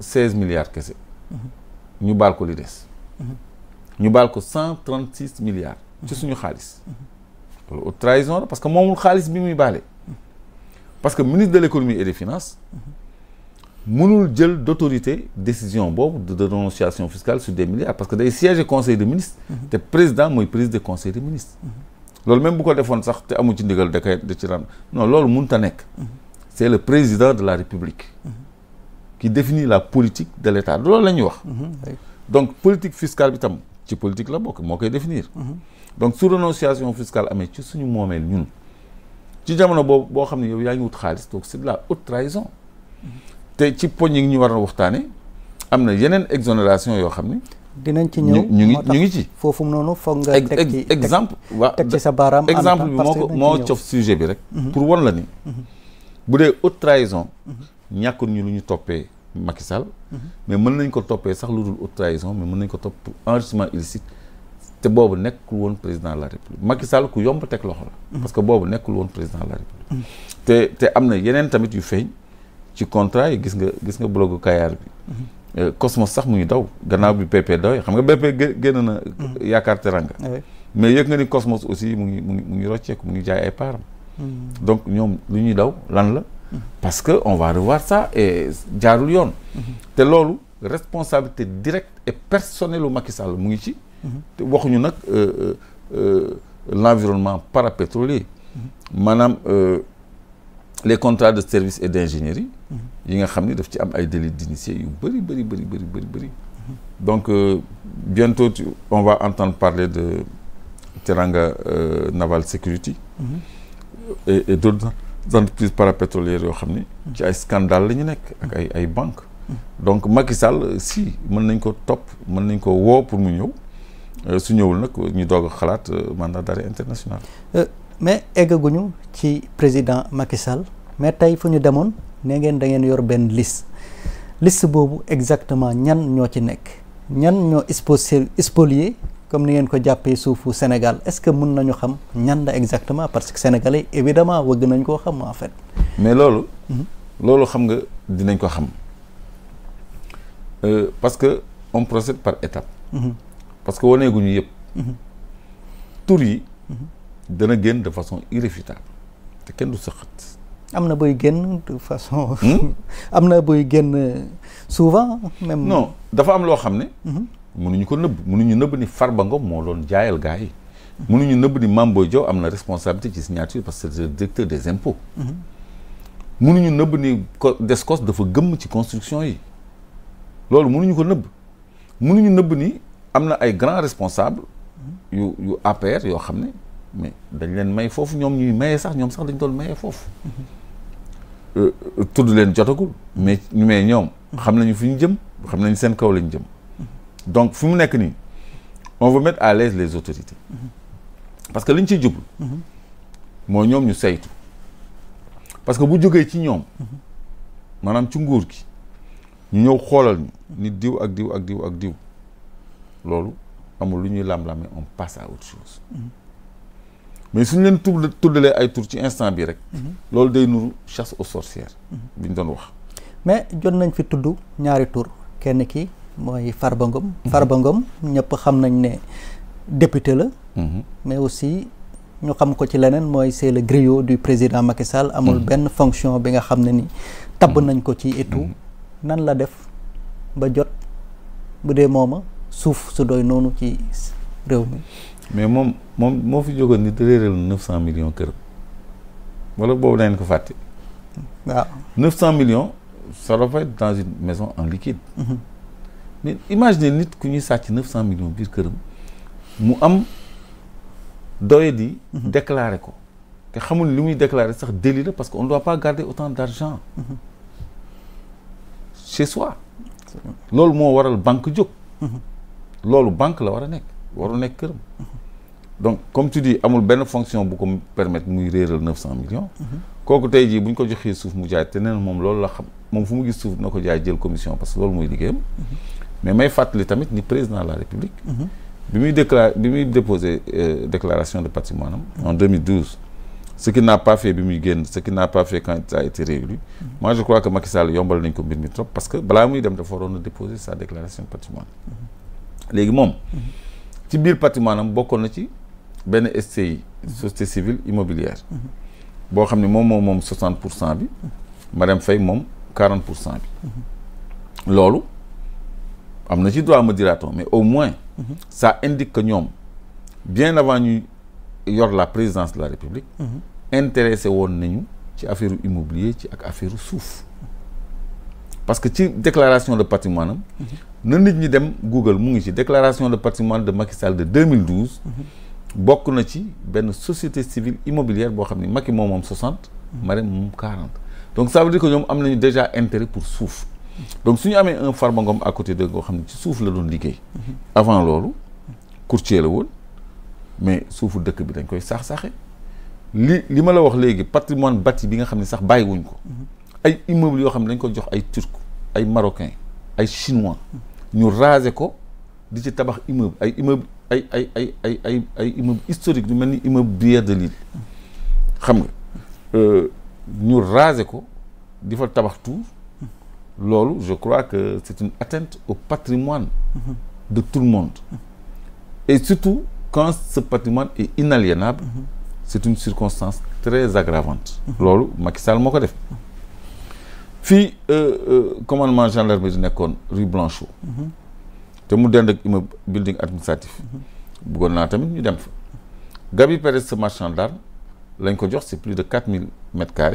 seize milliards kese ñu baal ko li des ñu baal ko cent trent six milliards ci suñu xaalis loolu haute trahison la parce que moomul xaalis bi muy baale parce que ministre de l'économie et des finances mënul jël d'autorité décision boobu de dénonciation fiscale sur des milliards parce que day siège conseil des ministres te président mooy président conseil des ministres loolu même bu ko defoon sax te amul ci ndigal da koy da ci ran non loolu mun a nekk c'est le président de la république qui définit la politique de l'État loolu la ñuy wax mhm. donc politique fiscale bi tam ci politique la bokk moo koy définir mhm. donc su renonciation fiscale amee ci suñu moomeel ñun ci jamono boobu boo xam ne yow yaa ngi wut xaalis donc c'est de la haute trahison mhm. te ci poñ yi ñu war a waxtaane am na yeneen exonération yoo xam ne dinañ ci ñu ñu ngi ñu ngi ci foofu noonu foog nga teg ñu exemple waaw teg ci sa baaraam exemple bi moo ko moo cof sujet bi rek pour won la ni bu dee haute trahison ñàkkul ñu lu ñu toppee Macky Sall mhm. mais mën nañ ko toppee sax lu dul haute trahison mais mën nañ ko topp pour enrichissement illicite te boobu nekkul woon président la république Macky Sall ku yomb teg loxo la mhm. parce que boobu nekkul woon président de la république mhm. te te am na yeneen tamit yu feeñ ci contrat yi gis nga gis nga blogu Kayar bi euh, Cosmos sax mu muy daw gannaaw bi BP daw xam nga BP génn na yaakaar teranga ah mais yëg nga ni Cosmos aussi mu ngi mu mu ngi rocceeku mu ngi jaay ay paaram donc ñoom lu ñuy daw lan la parce que on va revoir ça e jaarul yoon. te loolu responsabilité directe et personnelle lu Macky Sall mu ngi ci. te waxuñu nag euh, euh, euh, l'environnement parapétrolier. maanaam les contrats de service et d'ingénierie. yi yi nga xam ni daf ci am ay délits d'initié yu bëri bëri bëri bëri bëri donc euh, bientôt on va entendre parler de Teranga euh, Naval Security. et, et d'autres. entreprises parapétrolières yoo xam ni. ci ay scandale la ñu nekk. ak ay ay donc Macky Sall si mën nañ ko topp mën nañ ko woo pour mu ñëw euh, su ñëwul nag ñu doog a xalaat euh, mandat d'arrêt international. Euh, mais eggaguñu ci président Macky Sall mais tey fu ñu demoon nee ngeen da ngeen yor benn liste liste boobu exactement ñan ñoo ci nekk ñan ñoo exposé spolié comme ni ngeen ko jàppee suufu Sénégal est-ce que mën nañu xam ñan exactement parce que sénégalais évidemment wëgg nañ koo xam en fait. mais loolu. Mhm. loolu xam nga dinañ ko xam euh, parce que on procède par étape. Mhm. parce que waneeguñu yëpp. Mhm. tur yi. dana génn de façon irréfutable te kenn du sëqat. am na buy génn de façon. Hmm? am na buy génn souvent même. non dafa am loo xam ne. mënuñu ko nëbb mënuñu nëbb ni Farba Ngom moo doon jaayal gars yi mënuñu nëbb ni Mame Boye Diao am na responsabilité ci signature parce que c'est le directeur des impôts mënuñu mhm. nëbb ni Descos dafa gëmm ci construction yi loolu munuñu ko nëbb munuñu nëbb ni am na ay grands responsables yu yu APR yoo xam ne mais dañ leen may foofu ñoom ñuy maye sax ñoom sax dañ doon maye foofu mhm. euh, euh, tudd leen jotagul mais ñu mais ñoom xam nañu fi ñu jëm xam nañu seen kaw lañ jëm donc fu mu nekk nii on veut à l'aise les autorités mm-hmm. parce que li ñu ciy jublu mm-hmm. moo ñoom ñu saytu parce que bu jógee ci ñoom mm-hmm. maanaam ci nguur gi ñu ñëw xoolal ñu ni diw ak diw ak diw ak diw loolu amul lu ñuy lam-lame on passe à autre chose mais suñu leen tudd tuddalee ay tur ci instant bii rek loolu day nuru chasse au sorcières bi ñu doon wax mais jot nañ fi tudd ñaari tur kenn kii mooy Farba Ngom. Mhm. Farba Ngom ñëpp xam nañ ne député la. Mhm. mais aussi ñu xam ko ci leneen mooy c'est le griot du président Macky Sall. amul mhm. benn fonction bi nga xam ne ni. tabb nañ ko ci et nan la def ba jot bu dee mooma suuf su doy noonu ci réew mi. mais moom moom moo fi jógoon nit réeral neuf cent millions kër wala boobu nañ ko fàtte. waaw neuf cent millions ça doit être dans une maison en liquide. mais image imaginez nit ku ñuy sàcc neuf cent millions biir këram mu am doye di mhm. déclarer ko te xamul li muy déclarer sax délit la parce que on ne doit pas garder autant d' mhm. chez soi loolu moo waral banque jóg mhm. loolu banque la war a nekk warul nekk këram donc comme tu dis amul benn fonction bu ko permettre muy réeral neuf cent millions kooku tey jii bu ñu ko joxee suuf mu jaay te nee moom loolu la xam moom fu mu gis suuf na ko jaay jël commission parce que loolu mooy liggéeyam mais may fàttali tamit ni président de la république. Mhm. bi muy décla bi muy déposé euh, déclaration de patrimoine am en 2012. ce qu'il n'a pas fait bi muy génn ce qu'il n'a pas fait quand il a été réélu mhm. moi je crois que Macky Sall yombal nañ ko mbir trop parce que balaa muy dem dafa waroon a déposer sa déclaration de patrimoine mhm. léegi moom ci biir patrimoine am bokkoon na ci benn SCI société civile immobilière boo xam ne moom moom moom 60 pour cent bi Madame Faye moom 40 pour cent bi loolu am na ci droit me dira mais au moins sa mhm. indique que ñoom bien avant ñu yor la présidence de la république mhm. intéressé woon nañu ci affaire immobilier ci ak affaire suuf parce que ci déclaration de patrimoine am mhm. na nit ñi dem Google mu ngi ci déclaration de patrimoine de Macky Sall de 2012 bokk na ci benn société civile immobilière boo xam ne Macky moom moom 60 Marème moom 40 donc ça veut dire que ñoom am nañu déjà intérêt pour suuf donc su ñu amee un Farba Ngom à côté de koo xam ne ci suuf la doon liggéey. avant loolu courtier la woon mais suufu dëkk bi dañ koy saax saaxe li li ma la wax léegi patrimoine bâti bi nga xam ne sax bàyyiwuñ ko. ay immeuble yoo xam ne dañ ko jox ay turc ay marocain ay chinois ñu raser ko di ci tabax immeuble ay immeuble ay ay ay ay ay ay immeuble historique ñu mel ni immeuble Bière de Lille xam nga euh, ñu raser ko di fa tabax tour loolu je crois que c'est une atteinte au patrimoine mhm. de tout le monde mhm. et surtout quand ce patrimoine est inaliénable mhm. c'est une circonstance très aggravante loolu Macky Sall moo ko def fii euh, euh, commandement gendarmerie di nekkoon rue Blanchot te mu dend ak immeuble building administratif bëggoon naa tamit ñu dem fa Gabi Pérez ce marchand d'armes lañ ko jox c'est plus de quatre mille mètres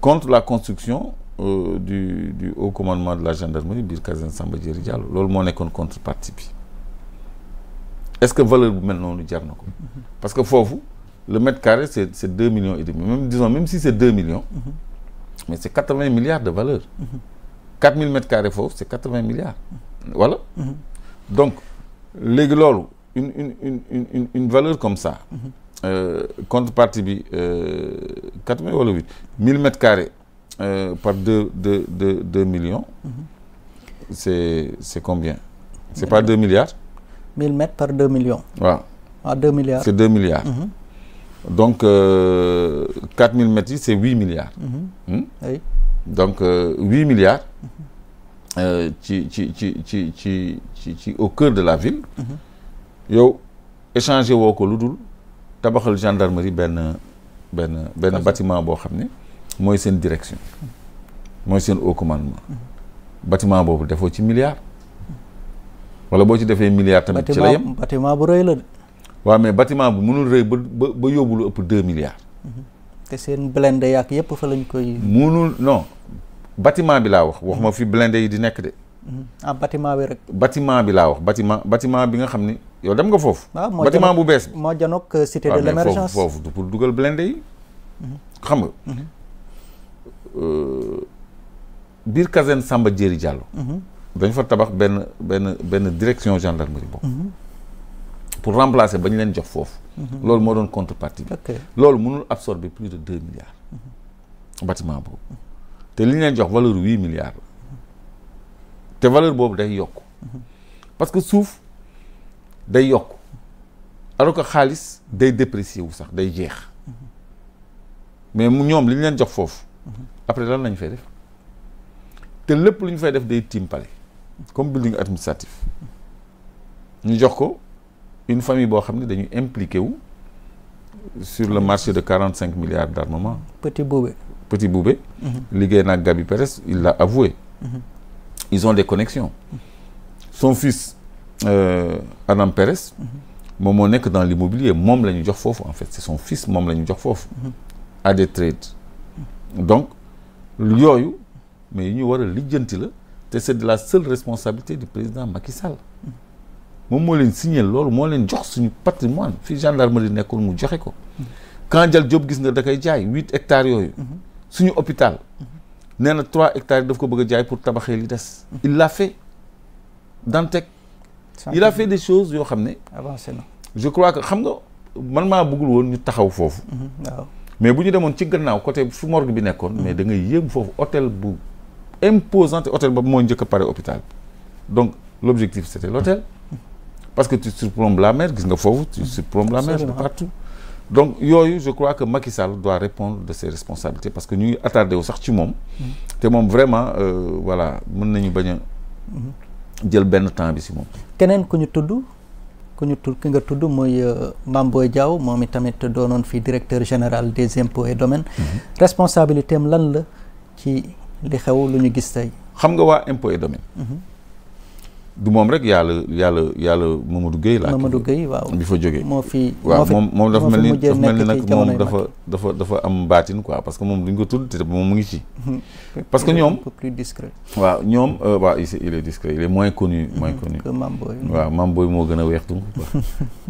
contre la construction Euh, du du haut commandement de la gendarmerie biir caserne Samba Diéry Diallo mm-hmm. loolu moo nekkoon contrepartie bi est-ce que valeur bu mel noonu jar na ko mm-hmm. parce que foofu le mètre carré c'est c'est deux millions et demi même disons même si c'est deux millions mm-hmm. mais c'est quatre-vingts milliards de valeur quatre mille mètres foofu c'est quatre-vingts milliards voilà donc léegi loolu une une une une une valeur comme ça euh, contrepartie bi euh, quatre-vingts wala huit mille euh, par deux deux deux deux millions. Mm -hmm. c'est c'est combien. c'est pas deux milliards. mille mètres par deux waaw ah deux milliards. c'est deux milliards. Mhm. donc euh, quatre mille mètres yi c'est huit milliards. Mhm. Hmm? donc euh, huit milliards. Mhm. Euh, ci ci ci ci ci ci ci au cœur de la ville. yow échanger woo ko lu dul tabaxal gendarmerie benn benn benn bâtiment boo xam ni mooy seen direction mooy seen haut commandement bâtiment boobu defoo ci milliard wala boo ci defee milliard tamit ci la yem bâtiment bu rëy la de waaw mais bâtiment bu mënul rëy ba ba yóbbu lu ëpp deux milliards mm-hmm. te seen blindé ak yëpp fa lañ koy mënul non bâtiment bi laa wax wax ma fi blindé yi di nekk de mm-hmm. ah bâtiment bi rek bâtiment bi laa wax bâtiment batiment bi nga xam ni yow dem nga foofu ah, bâtiment bu bees bi moo janook euh, cité ah, de l'émergence foofu pour dugal blindé yi mm-hmm. xam nga Euh, biir caserne Samba Diéry Diallo. dañ fa tabax benn benn benn direction gendarmerie boobu. pour remplacer ba ñu leen jox foofu. loolu moo doon contrepartie bi. loolu mënul absorber plus de deux milliards. bâtiment boobu. te li ñu leen jox valeur huit milliards te valeur boobu day yokk. parce que suuf day yokk. alors que xaalis day déprécier wu sax day jeex. mais mu ñoom li ñu leen jox foofu. après lan lañu fay def te lépp lu ñu fay def day tiim palais comme building administratif ñu jox ko une famille boo xam ne dañuy impliqué wu sur le marché de quarante cinq milliards d'armement petit boubé petit boubé mm-hmm. liggéey naag Gabi Pérez il l'a avoué mm-hmm. ils ont des connexion son fils euh, Adam Pérez mm-hmm. moom moo nekk dans l'immobilier moom la ñu jox foofu en fait c'est son fils moom lañu jox foofu à des trades donc yooyu mais yu ñu war a lijjanti la te c'est de la seule responsabilité du président Macky Sall moom moo leen signé loolu moo leen jox suñu patrimoine fii gendarmerie nekkoon mu joxe ko jal Diop gis nga da koy jaay huit hectares yooyu suñu hôpital nee na trois hectares daf ko bëgg a jaay pour tabaxee li des il l'a fait Dantec il la fait des choses yoo xam ne avancé na je crois que xam nga man maa bëggul woon ñu taxaw foofu mhm, mais bu ñu demoon ci gannaaw côté fu morgue bi nekkoon mais da ngay yéem foofu hôtel bu imposante hôtel ba moo njëkk a pare hôpital donc l'objectif c'était l'hôtel parce que tu surplombes la mer gis nga foofu tu surplombes la mer partout donc yooyu je crois que Macky Sall doit répondre de ses responsabilités parce que ñu ngi attardé wu sax ci moom te moom vraiment euh, voilà mën nañu bañ a mhm. jël benn temps bi si moom keneen ku ñu tudd ku ñu tudd ki nga tudd mooy euh, Mame Boye Diao moom itamit doonoon fi directeur général des impôts et domaines mm-hmm. responsabilité am lan la ci li xew lu ñu gis tey xam nga waa impôts et domaines mm-hmm. du moom rek yàlla yàlla yàlla Mamadou Gueye laa. Mamadou Gueye waaw bi fa jógee. moo fi moo fi moom dafa mel ni dafa mel ni nag moom dafa dafa dafa am baatin quoi parce que moom duñ ko tudd te moom mu ngi ci. Mhm. parce que ñoom plus discret. waaw ñoom euh, waaw il est discret il est moins connu. Mhm. moins connu que Mamboy. waaw Mamboy moo gën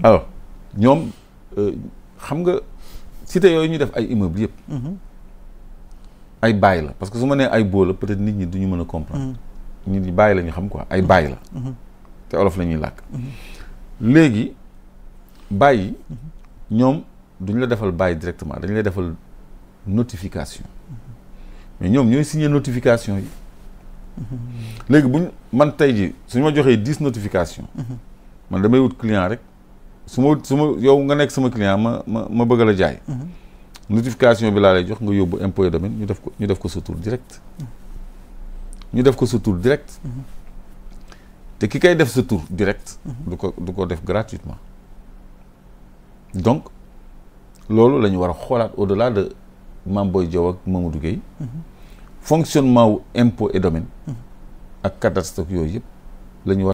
a ñoom euh, xam nga cité yooyu ñu def ay immeuble yëpp. Mhm. ay bail la parce que su ma nee ay boo la peut-être nit ñi duñu mën a comprendre. ñu ñi bàyyi la xam ko ay bàyyi la. Mhm. te olof la ñuy làkk. léegi bàyyi ñoom duñ la defal bàyyi directement dañ lay defal notification mais ñoom ñooy signé notification yi. léegi buñ man tey ji suñu ma joxee dix notification mhm. man damay wut client rek su ma su ma yow nga nekk sama client ma ma ma bëgg la jaay. Mhm. notification bi laa lay jox nga yóbbu impôt domaine ñu def ko ñu def ko sa tour direct. ñu def ko sa tour direct mhm. te ki kay def sa tour direct mhm. du ko du ko def gratuitement donc loolu la ñu war a xoolaat au delà de Mame booy Diao ak Mamadou Gueye mhm. fonctionnement wu impôt et domaine ak cadastre yooyu yëpp la